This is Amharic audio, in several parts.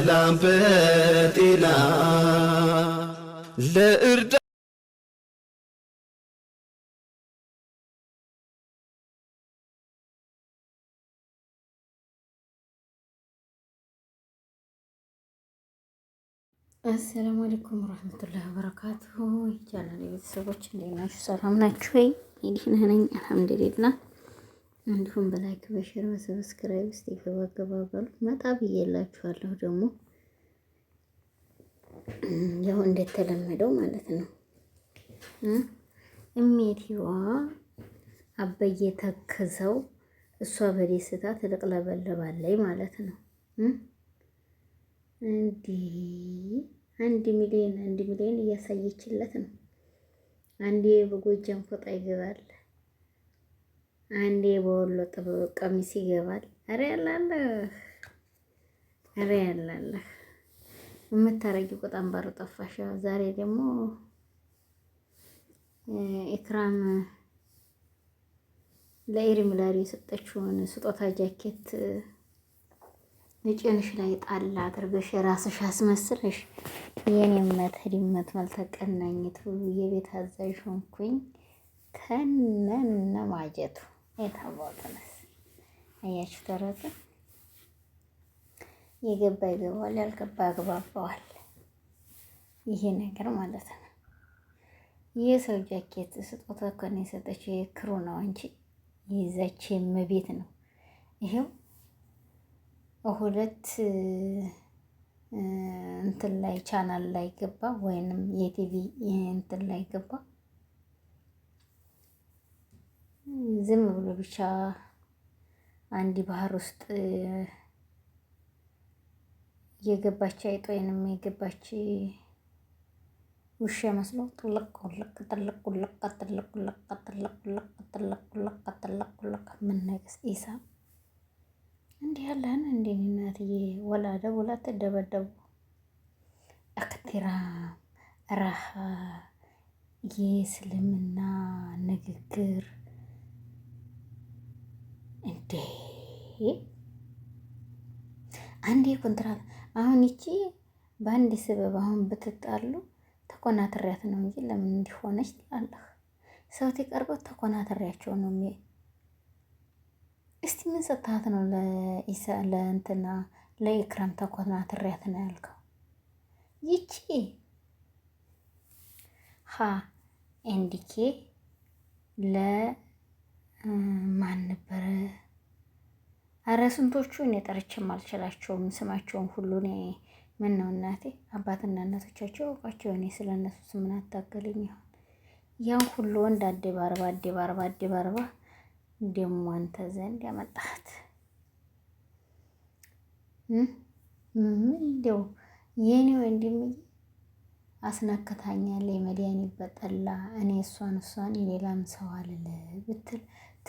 በሰላም በጤና ለእርዳ አሰላሙ አለይኩም ወራህመቱላሂ ወበረካቱሁ። ይቻላል ቤተሰቦች እንዴት ናችሁ? ሰላም ናችሁ ወይ? ይህ ነኝ አልሐምዱሊላህ እንዲሁም በላይክ በሽር በሰብስክራይብ ውስጥ ይገባገባሉ። መጣ ብዬላችኋለሁ። ደግሞ ያው እንደተለመደው ማለት ነው። እሜቴዋ አበዬ ተክዘው እሷ በደስታ ትለቅለበለባለይ ማለት ነው። እንዲ አንድ ሚሊዮን አንድ ሚሊዮን እያሳየችለት ነው። አንዴ በጎጃም ፎጣ ይገባል አንዴ በወሎ ጥበብ ቀሚስ ይገባል። ኧረ ያላለህ ኧረ ያላለህ የምታረጊ ቁጣም ባሩ ጠፋሽ። ዛሬ ደግሞ ኢክራም ለኢሪም ላሪ የሰጠችውን ስጦታ ጃኬት ንጭንሽ ላይ ጣል አድርገሽ የራስሽ አስመስለሽ የኔ መት ህድመት መልተቀናኝቱ የቤት አዛዥ ሆንኩኝ ከነነ ማጀቱ የታወቅንስ አያችሁ ተረቱ የገባ ይገባዋል፣ ያልገባ አግባባዋል ይሄ ነገር ማለት ነው። ይህ ሰው ጃኬት ስጦታ እኮ ነው የሰጠችው የክሩ ነው እንጂ ይዛች የመቤት ነው። ይሄው ሁለት እንትን ላይ ቻናል ላይ ገባ ወይንም የቲቪ እንትን ላይ ገባ ዝም ብሎ ብቻ አንድ ባህር ውስጥ የገባች አይጥ ወይንም የገባች ውሻ መስሎ ጥልቅ ቁልቅ ጥልቅ ቁልቅ ጥልቅ ቁልቅ ጥልቅ ቁልቅ ጥልቅ ጥልቅ ኢሳ እንዲህ ያለህን እንደ እኔ እናትዬ ወላደ ወላ ትደበደቡ እክትራም ረሃ የእስልምና ንግግር ዴ አንዴ ኮንትራት አሁን ይቺ በአንድ ስበብ አሁን ብትጣሉ ተኮናትሪያት ነው እንጂ ለምን እንዲሆነች ትላለህ? ሰው ቀርበው ተኮናትሪያቸው ነው ሚ እስቲ ምን ሰታት ነው ለኢሳ ለእንትና ለኢክራም ተኮናትሪያት ነው ያልከው? ይቺ ሀ ኤንዲኬ ለማን ነበረ? ኧረ ስንቶቹ እኔ ጠርቼም አልችላቸውም ስማቸውን ሁሉ እኔ ምን ነው እናቴ አባትና እናቶቻቸው ያውቋቸው እኔ ስለ እነሱ ስምን አታገልኝ ይሆን ያን ሁሉ ወንድ አደባርባ አደባርባ አደባርባ ደሞ አንተ ዘንድ ያመጣት ምን እንደው የኔ ወንድም አስነክታኛለች መድኃኒት በጠላ እኔ እሷን እሷን የሌላም ሰው አልል ብትል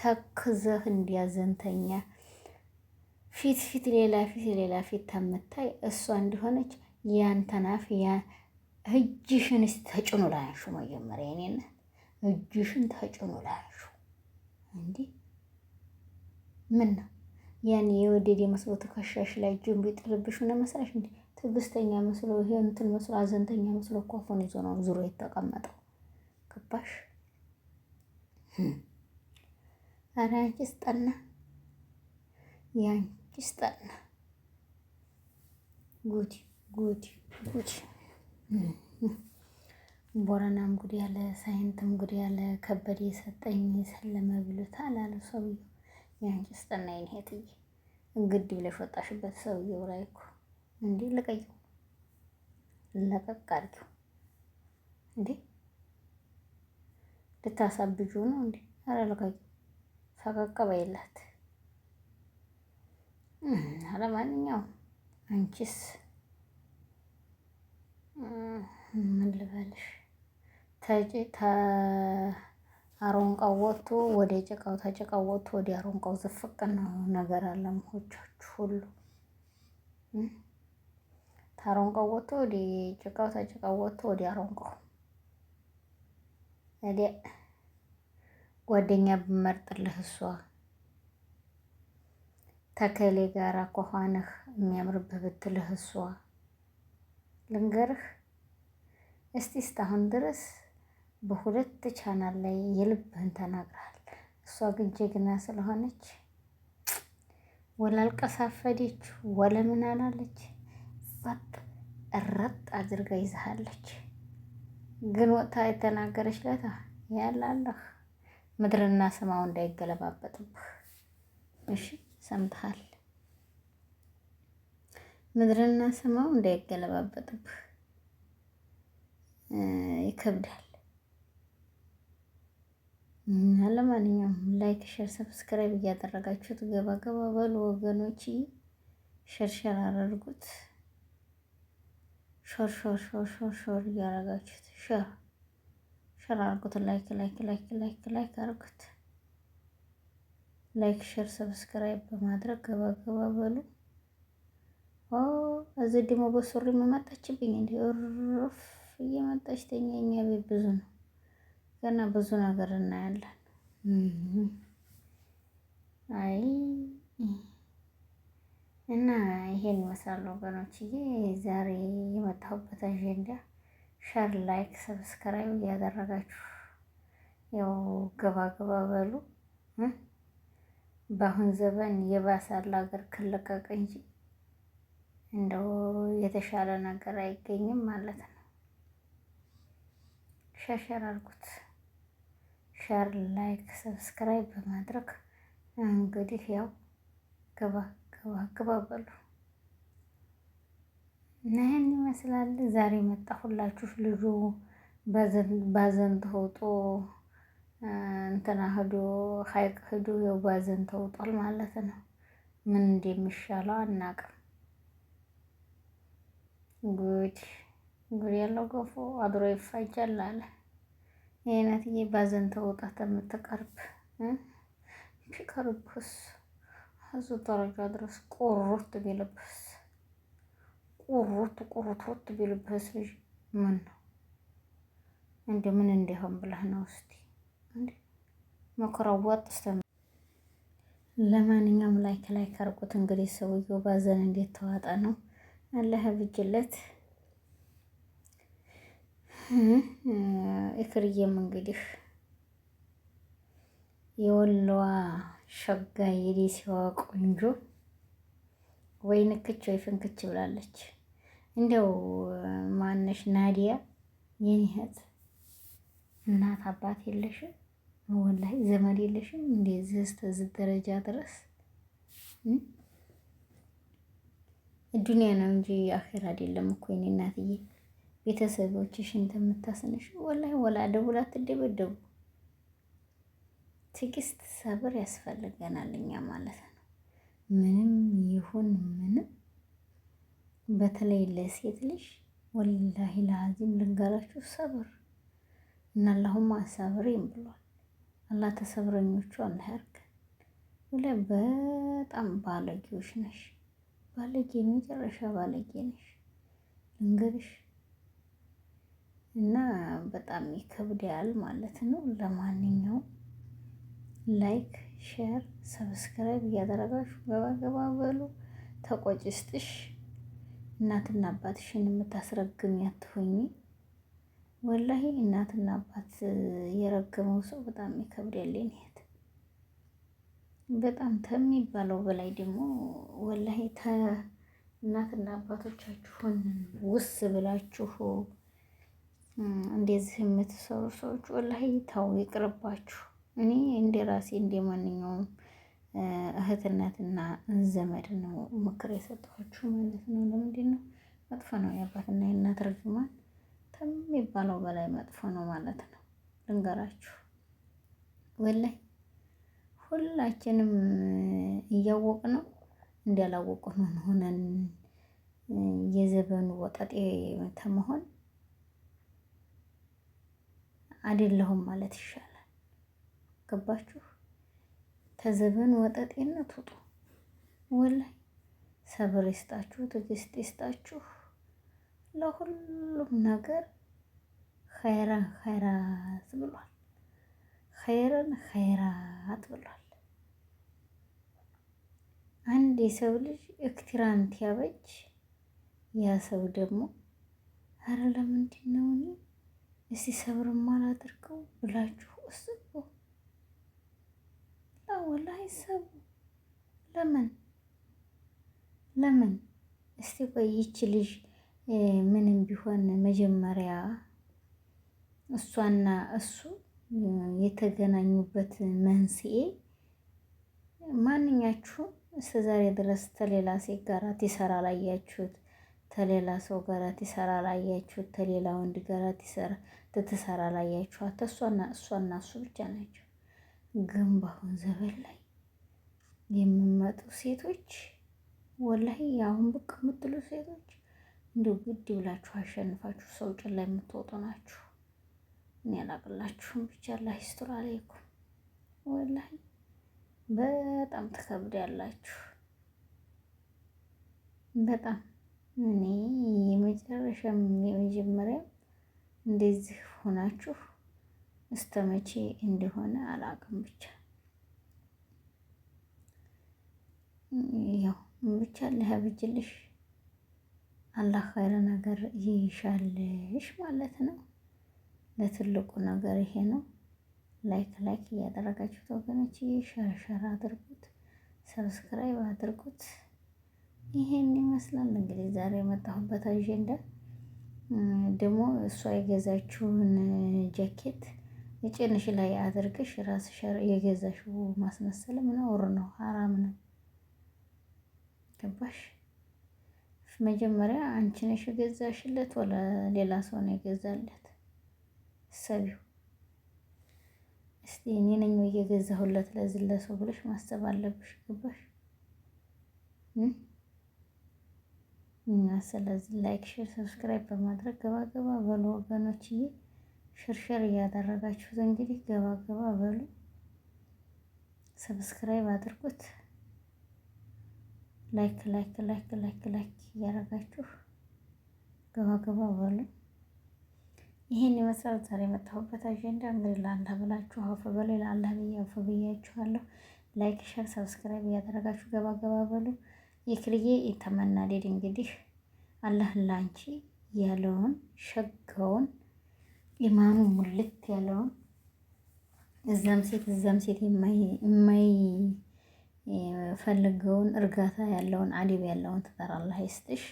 ተክዘህ እንዲያዘንተኛ ፊት ፊት ሌላ ፊት ሌላ ፊት ተምታይ እሷ እንዲሆነች ያንተናፍ እጅሽን ተጭኑ ላያሹ መጀመሪያ ኔነ እጅሽን ተጭኑ ላያሹ እንዲህ ምን ነው ያን የወደድ የመስሎ ትከሻሽ ላይ እጁን ቢጥልብሽ ሆነ መሰለሽ እንዲ ትዕግስተኛ መስሎ ይሄ እንትን መስሎ አዘንተኛ መስሎ እኮ አፉን ይዞ ነው ዙሮ የተቀመጠው። ገባሽ? ኧረ አንቺስ ጠና ይስጠን። ጉድ ጉድ ጉድ! ቦረናም ጉድ ያለ ሳይንትም ጉድ ያለ ከበድ የሰጠኝ የሰለመ ብሎታል አለ ሰውዬው። ያንቺ ይስጠና ይሄትዬ ግድ ብለሽ ወጣሽበት። ሰውዬው ላይ እኮ እንዴ ልቀይው ለቀቅ አድርጊው እንዴ ልታሳብጁ ነው እንዴ? ኧረ ልቀይው ሰቀቀ በይላት ለማንኛውም አንቺስ ምን ልበልሽ? አሮንቃው ወጥቶ ወደ ጭቃው ተጭቃው ወጥቶ ወደ አሮንቃው ዝፍቅ ነው ነገር አለ ምሆቻችሁ ሁሉ ታሮንቃው ወጥቶ ወደ ጭቃው ተጭቃው ወጥቶ ወደ አሮንቃው ወደ ጓደኛ ብመርጥልህ እሷ ተከሌ ጋራ ከኋንህ የሚያምርብህ ብትልህ እሷ ልንገርህ እስቲ እስካሁን ድረስ በሁለት ቻናል ላይ የልብህን ተናግረሃል። እሷ ግን ጀግና ስለሆነች ወላልቀሳፈዴች ወለምን አላለች፣ ጸጥ እረጥ አድርጋ ይዛሃለች። ግን ወጥታ የተናገረች ለታ ያላለህ ምድርና ሰማው እንዳይገለባበጥብህ እሺ። ሰምተሃል። ምድርና ሰማው እንዳይገለባበጥብህ ይከብዳል። እና ለማንኛውም ላይክ፣ ሸር፣ ሰብስክራይብ እያደረጋችሁት ገባ ገባ በሉ ወገኖች፣ ሸርሸር አድርጉት። ሾር ሾር ሾር ሾር ሾር እያረጋችሁት ሸር ሸር አርጉት። ላይክ ላይክ ላይክ ላይክ ላይክ አድርጉት። ላይክ ሸር ሰብስክራይብ በማድረግ ገባ ገባ በሉ። ኦ እዚህ ደግሞ በሱሪ መመጣችብኝ እንዴ? ሩፍ እየመጣች ተኛ። እኛ ቤት ብዙ ነው፣ ገና ብዙ ነገር እናያለን። አይ እና ይሄን ይመስላል ወገኖችዬ፣ ዛሬ የመጣሁበት አጀንዳ ሸር ላይክ ሰብስክራይብ እያደረጋችሁ ያው ገባ ገባ በሉ። በአሁን ዘበን የባሳል ሀገር ክልቀቅ እንጂ እንደው የተሻለ ነገር አይገኝም ማለት ነው። ሸሸር አድርጉት። ሸር፣ ላይክ፣ ሰብስክራይብ በማድረግ እንግዲህ ያው ግባ ግባ ግባ በሉ እና ይህን ይመስላል ዛሬ መጣሁላችሁ ልጁ ባዘንት ሆጦ እንትና ሂዶ ሀይቅ ሂዶ ያው ባዘን ተውጧል ማለት ነው። ምን እንደሚሻለው አናቅም። ጉድ ጉድ ያለው ገፎ አድሮ ይፋጃል አለ። የአይነትዬ ባዘን ተውጣት የምትቀርብ ቢቀርብስ እሱ ደረጃ ድረስ ቁሩት ቢልብስ ቁሩት ቁርጥ ቢልብስ ልጅ ምን እንደ ምን እንዲሆን ብለህ ነው እስቲ መኩረብ ወጥ ለማንኛውም ላይክ ላይክ ካርቁት እንግዲህ ሰውየው ባዘን እንዴት ተዋጣ ነው አላህ ብጅለት። እክርዬም እንግዲህ የወሎዋ ሸጋ የደሴዋ ቆንጆ ወይ ንክች ወይ ፍንክች ብላለች። እንደው ማነሽ ናዲያ የኔ እናት አባት የለሽም። ወላሂ ዘመድ የለሽም እንደዚህ እስከዚህ ደረጃ ድረስ ዱንያ ነው እንጂ አኼራ አይደለም እኮ የኔ እናትዬ። ቤተሰቦችሽ እንደምታስንሽ ወላሂ ወላ ደውላ አትደበደቡ። ትዕግስት፣ ሰብር ያስፈልገናል እኛ ማለት ነው። ምንም ይሁን ምንም፣ በተለይ ለሴት ልጅ ወላሂ ለአዚም ልንገራችሁ ሰብር እና አላሁማ ሰብሬን ብሏል። አላህ ተሰብረኞቹ አላህ ያርገን። በጣም ባለጌዎች ነሽ፣ ባለጌ መጨረሻ ባለጌ ነሽ እንግዲህ እና በጣም ይከብዳል ማለት ነው። ለማንኛውም ላይክ፣ ሼር፣ ሰብስክራይብ እያደረጋችሁ ገባ ገባ በሉ። ተቆጭ ስጥሽ እናትና አባትሽን የምታስረግም አትሆኚ። ወላሂ እናትና አባት የረገመው ሰው በጣም ይከብዳል። እህት በጣም ከሚባለው በላይ ደግሞ ወላሂ እናትና አባቶቻችሁን ውስ ብላችሁ እንደዚህ የምትሰሩ ሰዎች ወላሂ ታው ይቅርባችሁ። እኔ እንደ ራሴ እንደ ማንኛውም እህትነትና ዘመድ ነው ምክር የሰጠኋችሁ ማለት ነው። ለምንድን ነው መጥፎ ነው የአባትና የእናት ርግማን ከሚባለው በላይ መጥፎ ነው ማለት ነው። ልንገራችሁ ወላይ ሁላችንም እያወቅ ነው እንዳላወቁ ነው ሆነን የዘበኑ ወጠጤ ተመሆን አይደለሁም ማለት ይሻላል። ገባችሁ? ተዘበኑ ወጠጤነት ውጡ። ወላይ ሰብር ይስጣችሁ፣ ትዕግስት ይስጣችሁ። ለሁሉም ነገር ኸይረን ኸይራት ብሏል። ኸይረን ኸይራት ብሏል። አንድ የሰው ልጅ እክትራንት ያበጅ ያ ሰው ደግሞ አረ ለምንድን ነው እኔ እስቲ ሰብር አላደርገው ብላችሁ እስቡ። ወላ ይሰቡ ለምን ለምን እስቲ ቆይች ልጅ ምንም ቢሆን መጀመሪያ እሷና እሱ የተገናኙበት መንስኤ ማንኛችሁም እስከ ዛሬ ድረስ ተሌላ ሴት ጋራ ትሰራ ላያችሁት፣ ተሌላ ሰው ጋራ ትሰራ ላያችሁት፣ ተሌላ ወንድ ጋራ ትሰራ ላያችኋት እሷና እሷና እሱ ብቻ ናቸው። ግን በአሁን ዘበን ላይ የሚመጡ ሴቶች ወላሂ አሁን ብቅ የምትሉ ሴቶች እንደ ግድ ብላችሁ አሸንፋችሁ ሰው ጭን ላይ የምትወጡ ናችሁ። እኔ አላቅላችሁም። ብቻ አላህ ይስጥር አለይኩም። ወላሂ በጣም ትከብድ ያላችሁ በጣም እኔ የመጨረሻም የመጀመሪያም እንደዚህ ሆናችሁ እስከ መቼ እንደሆነ አላቅም። ብቻ ያው ብቻ ለሀብጅልሽ አላህ ኸይረ ነገር ይሻልሽ ማለት ነው። ለትልቁ ነገር ይሄ ነው። ላይክ ላይክ እያደረጋችሁት ወገኖች ሸርሸር አድርጉት፣ ሰብስክራይብ አድርጉት። ይሄን ይመስላል እንግዲህ ዛሬ የመጣሁበት አጀንዳ ደግሞ እሷ የገዛችውን ጃኬት ጭንሽ ላይ አድርገሽ ራስሽ የገዛሽው ማስመሰል ምናምን ነው፣ ሐራም ነው። ገባሽ? መጀመሪያ አንቺ ነሽ የገዛሽለት ወለ ሌላ ሰው ነው የገዛለት? ሰቢው እስቲ እኔ ነኝ የገዛሁለት ለዚህ ለሰው ብለሽ ማሰብ አለብሽ። ገባሽ? እና ስለዚህ ላይክ፣ ሼር፣ ሰብስክራይብ በማድረግ ገባ ገባ በሉ ወገኖችዬ። ሽርሽር እያደረጋችሁት እንግዲህ ገባ ገባ በሉ ሰብስክራይብ አድርጉት። ላይክ ላይክ ላይክ ላይክ ላይክ እያደረጋችሁ ገባ ገባ በሉ። ይህን የመሰለ ዛሬ የመጣሁበት አጀንዳ እንግዲህ ለአላህ ብላችሁ አውፍ በሉ። ለአላህ ብዬ አውፍ ብያችኋለሁ። ላይክ ሸር፣ ሰብስክራይብ እያደረጋችሁ ገባ ገባ በሉ። የክልዬ የተመናደድ እንግዲህ አላህ ላንቺ ያለውን ሸጋውን ኢማኑ ሙልት ያለውን እዛም ሴት እዛም ሴት የማይ ፈልገውን እርጋታ ያለውን አዲብ ያለውን ትጠራላ ይስጥሽ።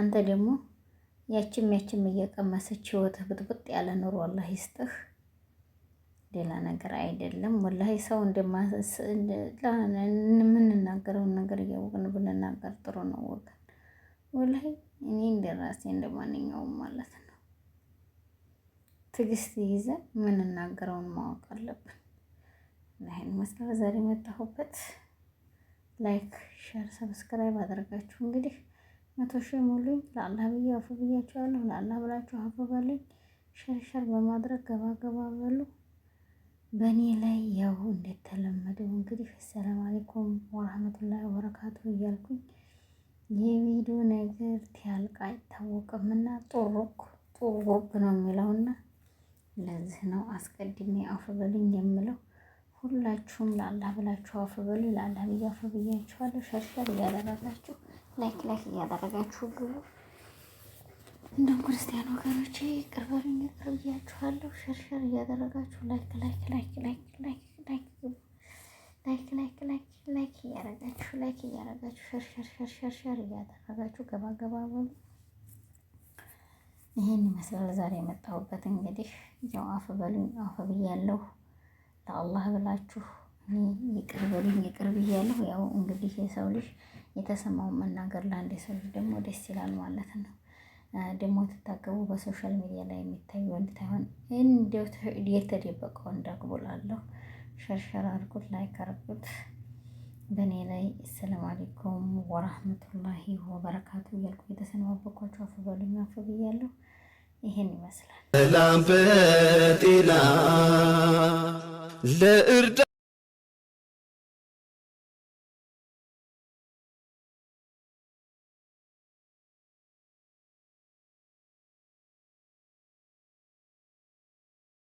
አንተ ደግሞ ያችም ያችም እየቀመሰች ህይወትህ ብጥብጥ ያለ ኑሮ አላህ ይስጥህ። ሌላ ነገር አይደለም። ወላ ሰው የምንናገረውን ነገር እያወቅን ብንናገር ጥሩ ነው ወገን። ወላ እኔ እንደራሴ እንደማንኛውም ማለት ነው ትግስት ይዘ የምንናገረውን ማወቅ አለብን። ይህን መስላ ዛሬ መጣሁበት። ላይክ ሸር ሰብስክራይብ አድርጋችሁ እንግዲህ መቶ ሺህ ሙሉኝ ለአላህ ብዬ አፉ ብያቸዋለሁ። ለአላህ ብላችሁ አፉ በሉኝ። ሸር ሸር በማድረግ ገባ ገባ በሉ በእኔ ላይ ያው እንደተለመደው እንግዲህ አሰላም አለይኩም ወራህመቱላሂ ወበረካቱ እያልኩኝ የቪዲዮ ነገር ቲያልቅ አይታወቅም እና ጦሮክ ነው የሚለውና ለዚህ ነው አስቀድሜ አፉ በሉኝ የምለው። ሁላችሁም ለአላህ ብላችሁ አፍ በሉ። ለአላህ ብዬ አፍ ብያችኋለሁ። ሸርሸር እያደረጋችሁ ላይክ ላይክ እያደረጋችሁ ግቡ። እንደም ክርስቲያን ወገኖች ቅርበሉኝ ቅርብ ብያችኋለሁ። ሸርሸር እያደረጋችሁ ላይክ ላይክ ላይክ ላይክ ላይክ ላይክ ላይክ ላይክ ላይክ ላይክ እያደረጋችሁ ላይክ እያደረጋችሁ ሸርሸር ሸርሸር ሸር እያደረጋችሁ ገባ ገባ በሉ። ይህን ይመስላል ዛሬ የመጣሁበት እንግዲህ ያው አፍ በሉኝ አፍ ብያለሁ። ለአላህ ብላችሁ ይቅር በሉኝ ይቅር ብያለሁ። ያው እንግዲህ የሰው ልጅ የተሰማውን መናገር ለአንድ የሰው ልጅ ደግሞ ደስ ይላል ማለት ነው። ደግሞ ትታገቡ በሶሻል ሚዲያ ላይ የሚታይ ወንድ ታይሆን እንዲያው የተደበቀ ወንድ አግቡላለሁ። ሸርሸር አድርጉት፣ ላይክ አድርጉት በእኔ ላይ ሰላም አለይኩም ወራህመቱላሂ ወበረካቱ እያልኩ የተሰናበኳቸው አፍ በሉኝ አፍ ብያለሁ። ይሄን ይመስላል። ሰላም በጤና ለእርዳ